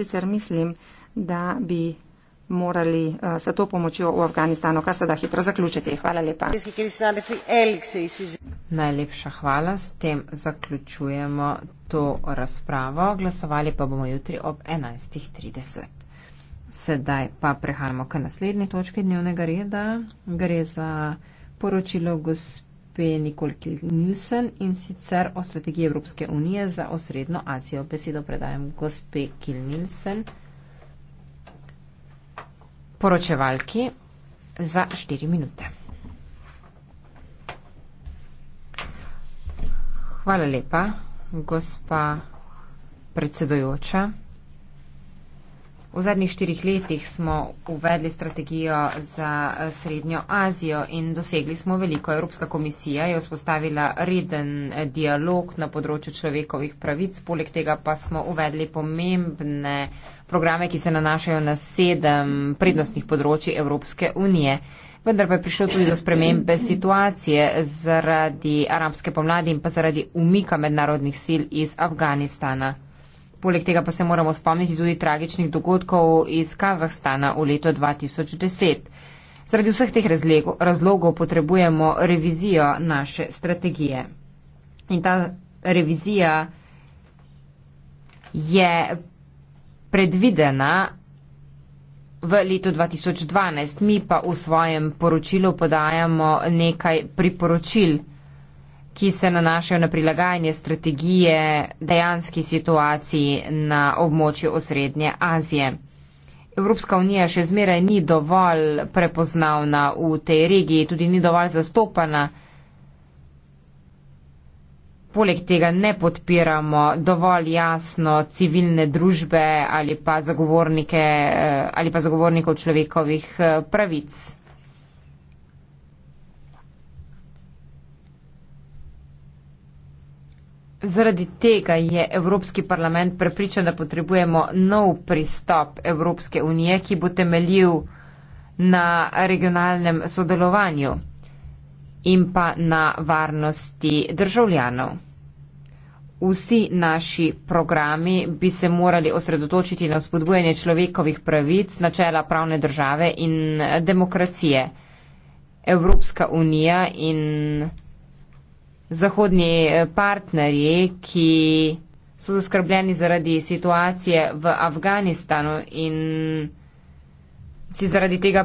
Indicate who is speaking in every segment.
Speaker 1: Sicer mislim, da bi morali uh, s to pomočjo v Afganistanu kar se da hitro zaključiti. Hvala lepa. Najlepša hvala. S tem zaključujemo to razpravo. Glasovali pa bomo jutri ob 11.30. Sedaj pa prehajamo k naslednji točki dnevnega reda. Gre za poročilo gospodina gospe Nikol Kilnilsen in sicer o strategiji Evropske unije za osrednjo Azijo. Besedo predajam gospe Kilnilsen, poročevalki za 4 minute. Hvala lepa, gospa predsedujoča. V zadnjih štirih letih smo uvedli strategijo za eh, Srednjo Azijo in dosegli smo veliko. Evropska komisija je vzpostavila reden eh, dialog na področju človekovih pravic, poleg tega pa smo uvedli pomembne programe, ki se nanašajo na sedem prednostnih področji Evropske unije. Vendar pa je prišlo tudi do spremembe situacije zaradi arabske pomladi in pa zaradi umika mednarodnih sil iz Afganistana. Poleg tega pa se moramo spomniti tudi tragičnih dogodkov iz Kazahstana v letu 2010. Zaradi vseh teh razlogov potrebujemo revizijo naše strategije. In ta revizija je predvidena v letu 2012, mi pa v svojem poročilu podajamo nekaj priporočil ki se nanašajo na prilagajanje strategije dejanski situaciji na območju osrednje Azije. Evropska unija še zmeraj ni dovolj prepoznavna v tej regiji, tudi ni dovolj zastopana. Poleg tega ne podpiramo dovolj jasno civilne družbe ali pa, eh, ali pa zagovornikov človekovih eh, pravic. Zaradi tega je Evropski parlament prepričan, da potrebujemo nov pristop Evropske unije, ki bo temeljil na regionalnem sodelovanju in pa na varnosti državljanov. Vsi naši programi bi se morali osredotočiti na spodbujanje človekovih pravic, načela pravne države in demokracije. Evropska unija in zahodni eh, partnerji, ki so zaskrbljeni zaradi situacije v Afganistanu in si zaradi tega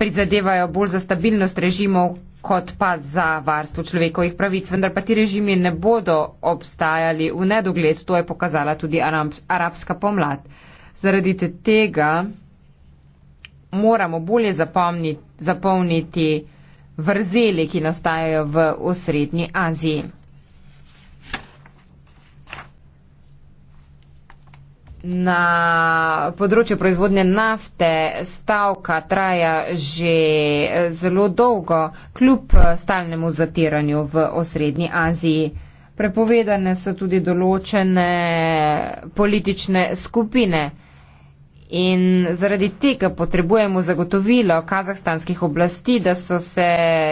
Speaker 1: prizadevajo bolj za stabilnost režimov kot pa za varstvo človekovih pravic, vendar pa ti režimi ne bodo obstajali v nedogled, to je pokazala tudi arabska pomlad. Zaradi tega moramo bolje zapomniti, zapomniti vrzeli, ki nastajajo v osrednji Aziji. Na področju proizvodnje nafte stavka traja že zelo dolgo, kljub stalnemu zatiranju v osrednji Aziji. Prepovedane so tudi določene politične skupine. In zaradi tega potrebujemo zagotovilo kazahstanskih oblasti, da so se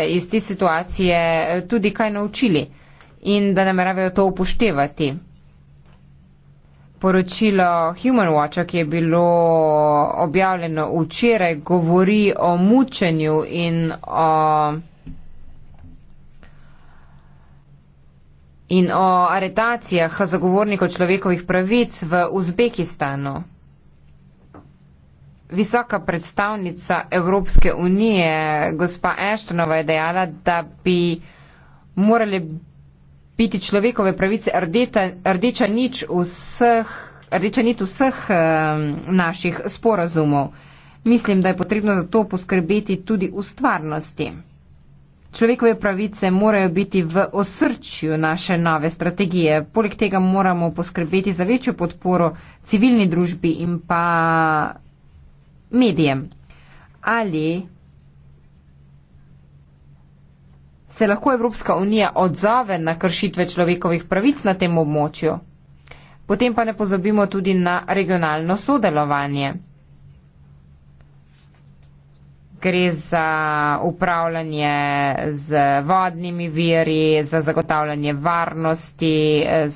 Speaker 1: iz te situacije eh, tudi kaj naučili in da nameravajo to upoštevati. Poročilo Human Watcha, ki je bilo objavljeno včeraj, govori o mučenju in o, in o aretacijah zagovornikov človekovih pravic v Uzbekistanu. Visoka predstavnica Evropske unije, gospa Ashtonova, je dejala, da bi morali biti človekove pravice rdeta, rdeča, nič vseh, rdeča nit vseh um, naših sporazumov. Mislim, da je potrebno za to poskrbeti tudi v stvarnosti. Človekove pravice morajo biti v osrčju naše nove strategije. Poleg tega moramo poskrbeti za večjo podporo civilni družbi in pa medijem. Ali se lahko Evropska unija odzove na kršitve človekovih pravic na tem območju? Potem pa ne pozabimo tudi na regionalno sodelovanje. Gre za upravljanje z vodnimi viri, za zagotavljanje varnosti,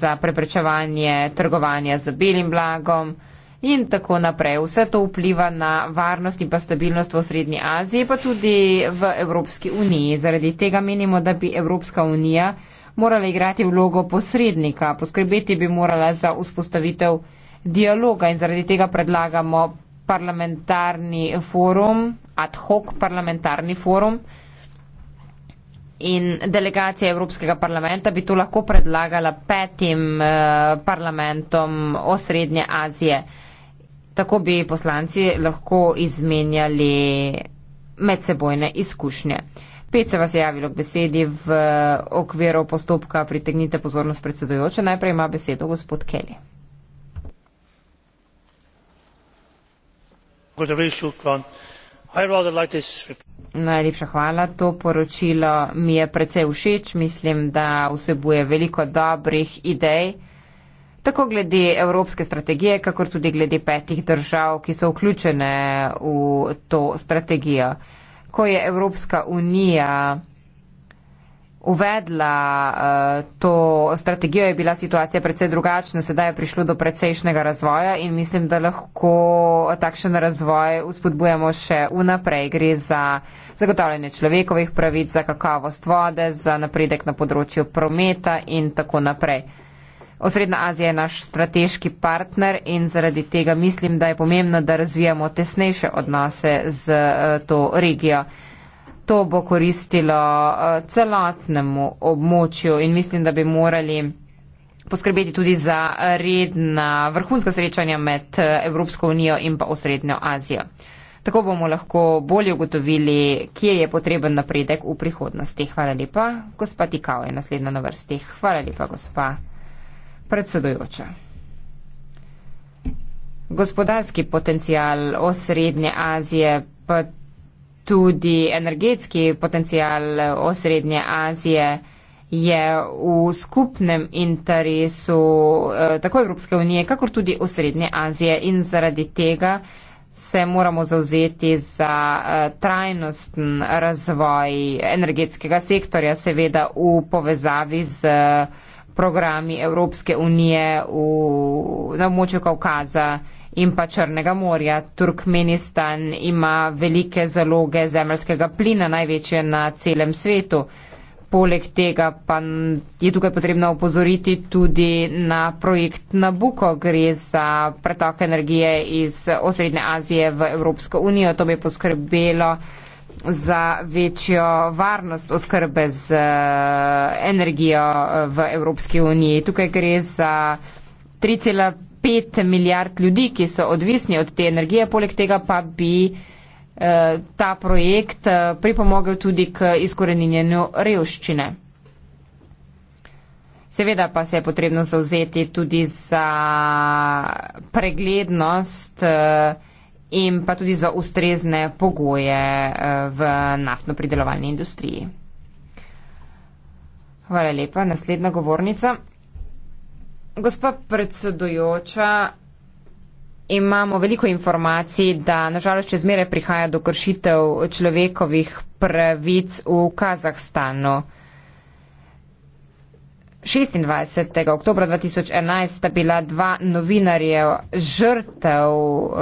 Speaker 1: za preprečevanje trgovanja z belim blagom in tako naprej. Vse to vpliva na varnost in pa stabilnost v Srednji Aziji, pa tudi v Evropski uniji. Zaradi tega menimo, da bi Evropska unija morala igrati vlogo posrednika, poskrbeti bi morala za vzpostavitev dialoga in zaradi tega predlagamo parlamentarni forum, ad hoc parlamentarni forum. In delegacija Evropskega parlamenta bi to lahko predlagala petim eh, parlamentom Osrednje Azije. Tako bi poslanci lahko izmenjali medsebojne izkušnje. Pet se vas je javilo k besedi v okviru postopka. Pritegnite pozornost predsedojoče. Najprej ima besedo gospod Kelly. Like Najlepša hvala. To poročilo mi je precej všeč. Mislim, da vsebuje veliko dobrih idej tako glede evropske strategije, kakor tudi glede petih držav, ki so vključene v to strategijo. Ko je Evropska unija uvedla uh, to strategijo, je bila situacija predvsej drugačna, sedaj je prišlo do precejšnjega razvoja in mislim, da lahko takšen razvoj uspodbujamo še vnaprej. Gre za zagotavljanje človekovih pravic, za kakavost vode, za napredek na področju prometa in tako naprej. Osrednja Azija je naš strateški partner in zaradi tega mislim, da je pomembno, da razvijamo tesnejše odnose z eh, to regijo. To bo koristilo eh, celotnemu območju in mislim, da bi morali poskrbeti tudi za redna vrhunska srečanja med eh, Evropsko unijo in pa Osrednjo Azijo. Tako bomo lahko bolje ugotovili, kje je potreben napredek v prihodnosti. Hvala lepa. Gospa Tikao je naslednja na vrsti. Hvala lepa, gospa predsedujoča. Gospodarski potencial osrednje Azije, pa tudi energetski potencial osrednje Azije je v skupnem interesu eh, tako Evropske unije, kakor tudi osrednje Azije in zaradi tega se moramo zauzeti za eh, trajnosten razvoj energetskega sektorja, seveda v povezavi z programi Evropske unije v, na območju Kaukaza in pa Črnega morja. Turkmenistan ima velike zaloge zemljskega plina, največje na celem svetu. Poleg tega pa je tukaj potrebno opozoriti tudi na projekt Nabuko, gre za pretok energije iz osrednje Azije v Evropsko unijo. To bi poskrbelo za večjo varnost oskrbe z eh, energijo eh, v Evropski uniji. Tukaj gre za 3,5 milijard ljudi, ki so odvisni od te energije, poleg tega pa bi eh, ta projekt pripomogel tudi k izkoreninjenju revščine. Seveda pa se je potrebno zauzeti tudi za preglednost in pa tudi za ustrezne pogoje eh, v naftno-pridelovalni industriji. Hvala lepa. Naslednja govornica. Gospa predsedujoča, imamo veliko informacij, da nažalost še zmeraj prihaja do kršitev človekovih pravic v Kazahstanu. 26. oktober 2011 sta bila dva novinarja žrtev uh,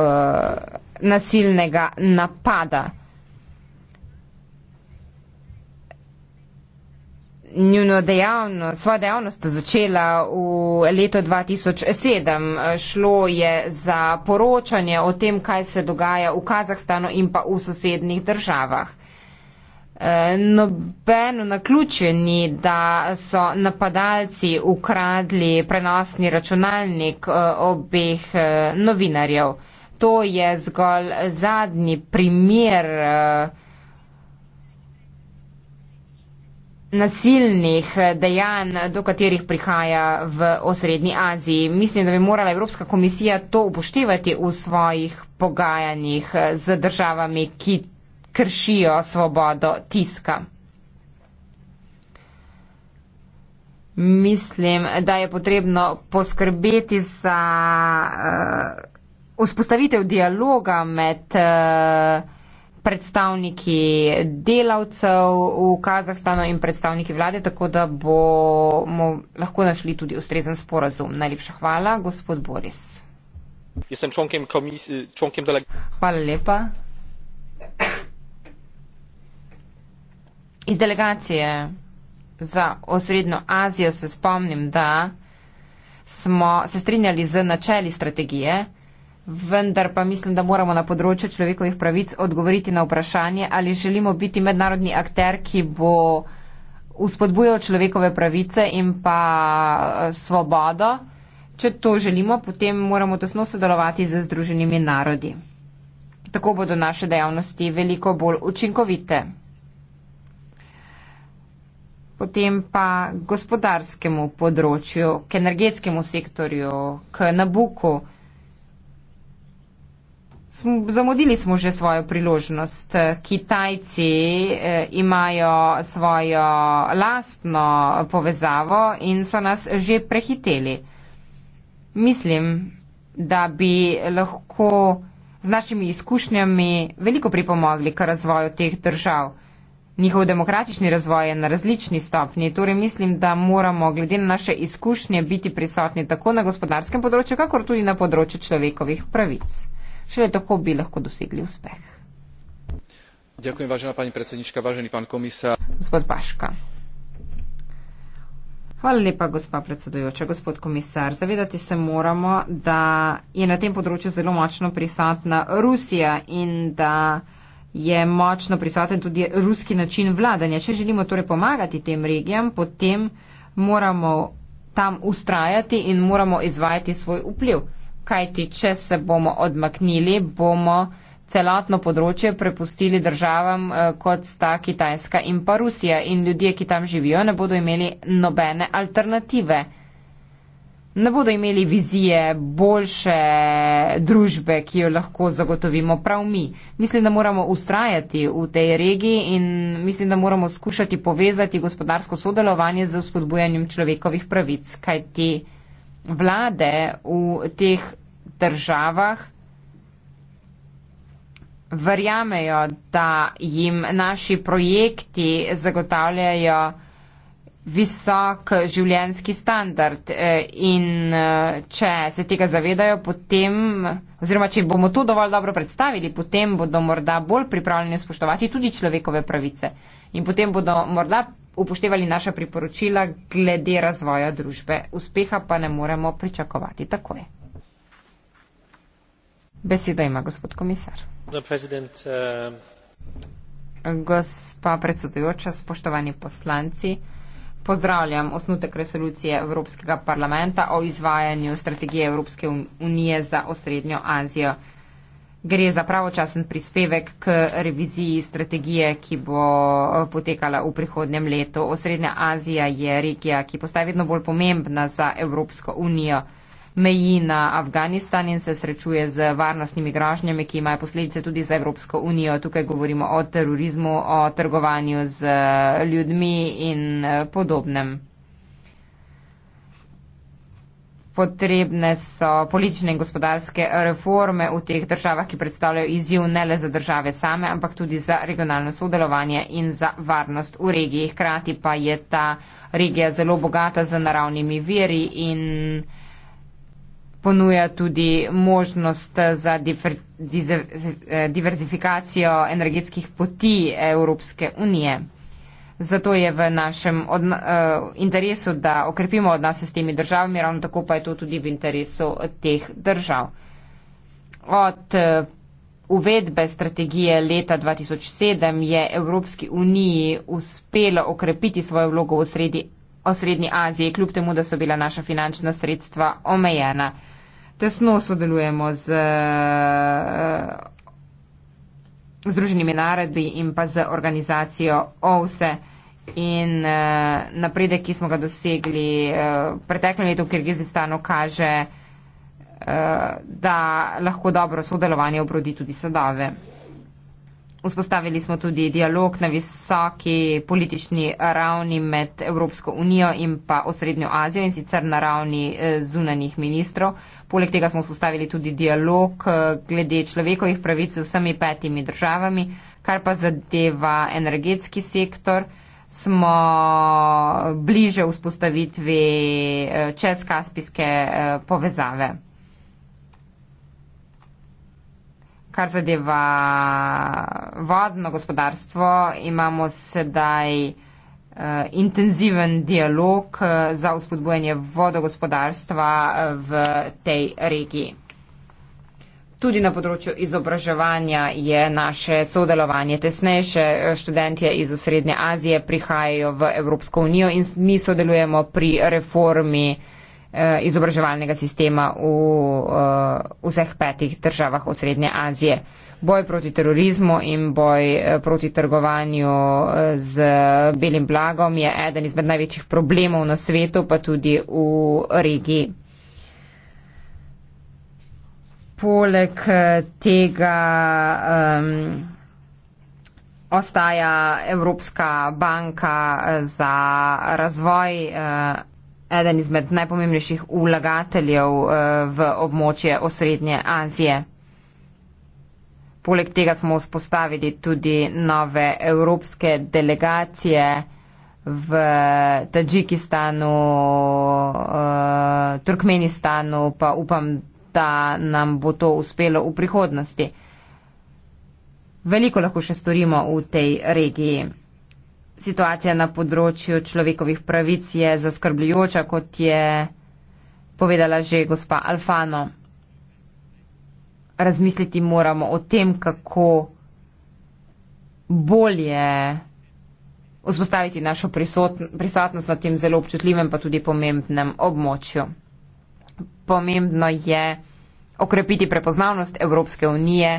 Speaker 1: nasilnega napada. Njuno dejavnost, svojo dejavnost sta začela v letu 2007. Šlo je za poročanje o tem, kaj se dogaja v Kazahstanu in pa v sosednjih državah. E, Nobeno na ključju ni, da so napadalci ukradli prenosni računalnik e, obeh e, novinarjev. To je zgolj zadnji primer nasilnih dejanj, do katerih prihaja v osrednji Aziji. Mislim, da bi morala Evropska komisija to upoštevati v svojih pogajanjih z državami, ki kršijo svobodo tiska. Mislim, da je potrebno poskrbeti za uh, vzpostavitev dialoga med uh, predstavniki delavcev v Kazahstanu in predstavniki vlade, tako da bomo lahko našli tudi ustrezen sporazum. Najlepša hvala, gospod Boris. Hvala lepa. Iz delegacije za osrednjo Azijo se spomnim, da smo se strinjali z načeli strategije, vendar pa mislim, da moramo na področju človekovih pravic odgovoriti na vprašanje, ali želimo biti mednarodni akter, ki bo uspodbujal človekove pravice in pa eh, svobodo. Če to želimo, potem moramo tesno sodelovati z združenimi narodi. Tako bodo naše dejavnosti veliko bolj učinkovite potem pa gospodarskemu področju, k energetskemu sektorju, k Nabuku. Zamudili smo že svojo priložnost. Kitajci e, imajo svojo lastno povezavo in so nas že prehiteli. Mislim, da bi lahko z našimi izkušnjami veliko pripomogli k razvoju teh držav. Njihov demokratični razvoj je na različni stopnji, torej mislim, da moramo glede na naše izkušnje biti prisotni tako na gospodarskem področju, kakor tudi na področju človekovih pravic. Šele tako bi lahko dosegli uspeh. Ďakujem, vážená pani predsednička, vážený pán komisár. Gospod Paška. Hvala lepa, gospa predsedujoča, gospod komisar. Zavedati se moramo, da je na tem področju zelo močno prisotna Rusija in da je močno prisoten tudi ruski način vladanja. Če želimo torej pomagati tem regijam, potem moramo tam ustrajati in moramo izvajati svoj vpliv. Kajti, če se bomo odmaknili, bomo celotno področje prepustili državam, eh, kot sta Kitajska in pa Rusija. In ljudje, ki tam živijo, ne bodo imeli nobene alternative ne bodo imeli vizije boljše družbe, ki jo lahko zagotovimo prav mi. Mislim, da moramo ustrajati v tej regiji in mislim, da moramo skušati povezati gospodarsko sodelovanje z spodbujanjem človekovih pravic, kajti vlade v teh državah verjamejo, da jim naši projekti zagotavljajo, visok življenski standard eh, in eh, če se tega zavedajo, potem, oziroma če bomo to dovolj dobro predstavili, potem bodo morda bolj pripravljeni spoštovati tudi človekove pravice in potem bodo morda upoštevali naša priporočila glede razvoja družbe. Uspeha pa ne moremo pričakovati takoj. Beseda ima gospod komisar. No, uh... Gospa predsedujoča, spoštovani poslanci pozdravljam osnutek resolucije Evropskega parlamenta o izvajanju strategije Evropske unije za osrednjo Azijo. Gre za pravočasen prispevek k reviziji strategije, ki bo eh, potekala v prihodnem letu. Osrednja Azija je regija, ki postaje vedno bolj pomembna za Evropsko unijo meji na Afganistan in se srečuje z varnostnimi gražnjami, ki imajo posledice tudi za Evropsko unijo. Tukaj govorimo o terorizmu, o trgovanju z eh, ljudmi in eh, podobnem. Potrebne so politične in gospodarske reforme v teh državah, ki predstavljajo izziv ne le za države same, ampak tudi za regionalno sodelovanje in za varnost v regiji. Hkrati pa je ta regija zelo bogata z naravnimi veri in uh, ponuja tudi možnost za difer, dize, eh, diverzifikacijo energetskih poti Evropske unije. Zato je v našem odna, uh, eh, interesu, da okrepimo odnose s temi državami, ravno tako pa je to tudi v interesu teh držav. Od uh, uvedbe strategije leta 2007 je Evropski uniji uspelo okrepiti svojo vlogo v sredi, Srednji Aziji, kljub temu, da so bila naša finančna sredstva omejena. Uh, tesno sodelujemo z uh, Združenimi narodi in pa z organizacijo OVSE in uh, napredek, ki smo ga dosegli uh, v preteklem letu v Kirgizistanu, kaže, uh, da lahko dobro sodelovanje obrodi tudi sadave. Vzpostavili smo tudi dialog na visoki politični ravni med Evropsko unijo in pa osrednjo Azijo in sicer na ravni eh, zunanih ministrov. Poleg tega smo vzpostavili tudi dialog eh, glede človekovih pravic z vsemi petimi državami, kar pa zadeva energetski sektor. Smo bliže vzpostavitvi eh, čez kaspijske povezave. Kar zadeva vodno gospodarstvo, imamo sedaj eh, intenziven dialog eh, za uspodbujanje vodogospodarstva eh, v tej regiji. Tudi na področju izobraževanja je naše sodelovanje tesnejše. Študentje iz Srednje Azije prihajajo v Evropsko unijo in mi sodelujemo pri reformi Eh, izobraževalnega sistema v eh, vseh petih državah osrednje Azije. Boj proti terorizmu in boj eh, proti trgovanju z belim blagom je eden izmed največjih problemov na svetu, pa tudi v regiji. Poleg tega um, ostaja Evropska banka za razvoj uh, eden izmed najpomembnejših vlagateljev eh, v območje osrednje Azije. Poleg tega smo vzpostavili tudi nove evropske delegacije v Tadžikistanu, eh, Turkmenistanu, pa upam, da nam bo to uspelo v prihodnosti. Veliko lahko še storimo v tej regiji situacija na področju človekovih pravic je zaskrbljujoča, kot je povedala že gospa Alfano. Razmisliti moramo o tem, kako bolje vzpostaviti našo prisotnost na tem zelo občutljivem, pa tudi pomembnem območju. Pomembno je okrepiti prepoznavnost Evropske unije,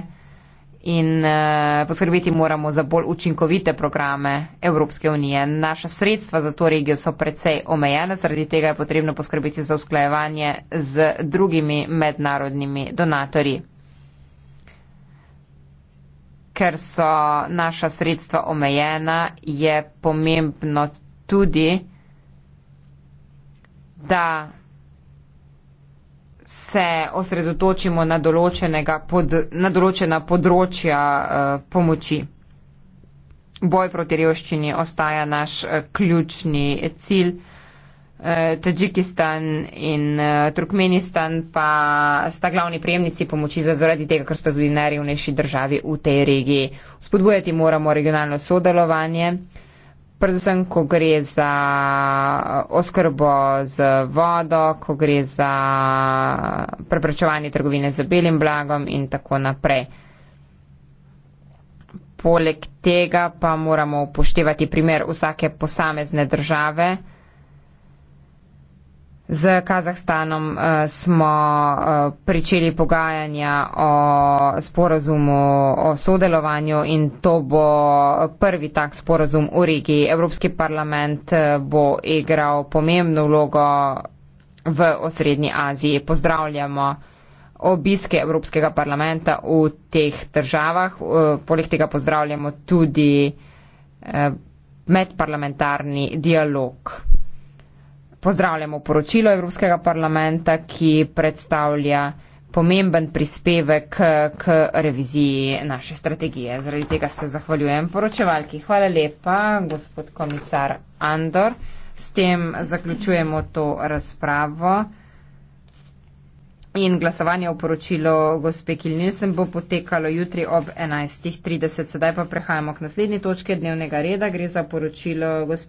Speaker 1: in uh, poskrbeti moramo za bolj učinkovite programe Evropske unije. Naša sredstva za to regijo so precej omejena, zaradi tega je potrebno poskrbeti za usklajevanje z drugimi mednarodnimi donatorji. Ker so naša sredstva omejena, je pomembno tudi, da se osredotočimo na, pod, na določena področja eh, pomoči. Boj proti revščini ostaja naš eh, ključni cilj. Eh, Tadžikistan in eh, Turkmenistan pa sta glavni prejemnici pomoči zaradi tega, ker sta tudi najrevnejši državi v tej regiji. Spodbujati moramo regionalno sodelovanje predvsem ko gre za oskrbo z vodo, ko gre za preprečevanje trgovine z belim blagom in tako naprej. Poleg tega pa moramo upoštevati primer vsake posamezne države. Z Kazahstanom uh, smo uh, pričeli pogajanja o sporazumu o sodelovanju in to bo prvi tak sporazum v regiji. Evropski parlament eh, bo igral pomembno vlogo v osrednji Aziji. Pozdravljamo obiske Evropskega parlamenta v teh državah. Uh, poleg tega pozdravljamo tudi uh, medparlamentarni dialog pozdravljamo poročilo Evropskega parlamenta, ki predstavlja pomemben prispevek k reviziji naše strategije. Zaradi tega se zahvaljujem poročevalki. Hvala lepa, gospod komisar Andor. S tem zaključujemo to razpravo. In glasovanje o poročilu gospe Kilnilsen bo potekalo jutri ob 11.30. Sedaj pa prehajamo k naslednji točki dnevnega reda. Gre za poročilo gospe.